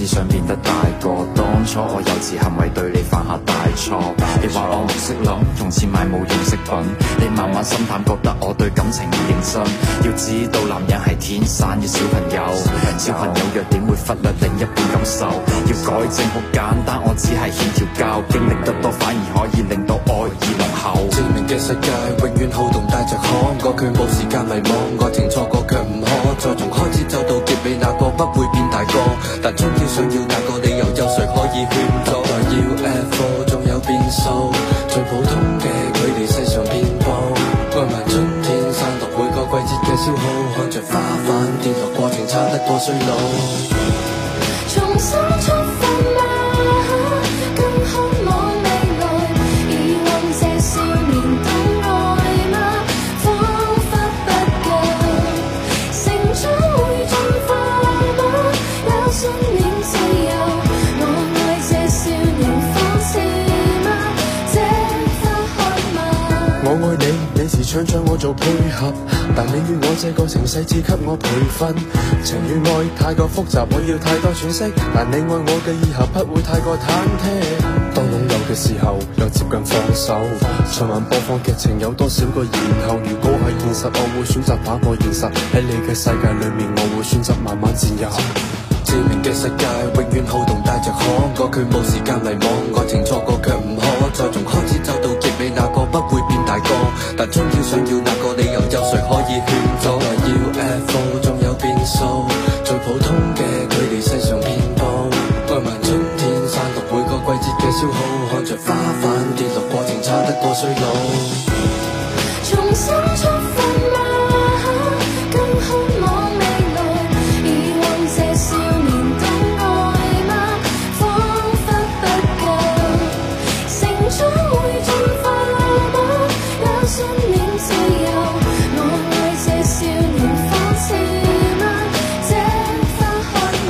只想變得大個。當初我幼稚行為對你犯下大錯，你話我唔識諗，從前買冇用飾品，你慢慢心淡，覺得我對感情唔認真。要知道男人係天生嘅小朋友，小朋友弱點會忽略另一半感受。要改正好簡單，我只係欠條教，經歷得多反而可以令到愛意濃厚。志明嘅世界永遠好動，帶着渴，個佢冇時間迷茫，愛情錯過卻唔可再從開始走到。被那個不會變大個？但終要想要那個，理由有誰可以勸阻？UFO 仲有變數，最普通嘅佢哋世上偏多。愛問春天散落每個季節嘅消耗，看着花瓣跌落過程差得過衰老。唱唱我做配合，但你與我這個程，只給我培訓。情與愛太過複雜，我要太多喘息，但你愛我嘅以後不會太過忐忑。當擁有嘅時候又接近放手循環播放劇情有多少個？然後如果係現實，我會選擇打破現實喺你嘅世界裏面，我會選擇慢慢佔有。志明嘅世界永遠好動，帶着可愛，佢冇時間迷茫愛情錯過，卻唔可再從開始走到結尾那不會變大個，但終究想要那個理由，有誰可以勸阻？UFO 還有變數，最普通嘅佢哋世上遍佈。愛問春天散落每個季節嘅消耗，看着花瓣跌落過程差得過衰老。重新。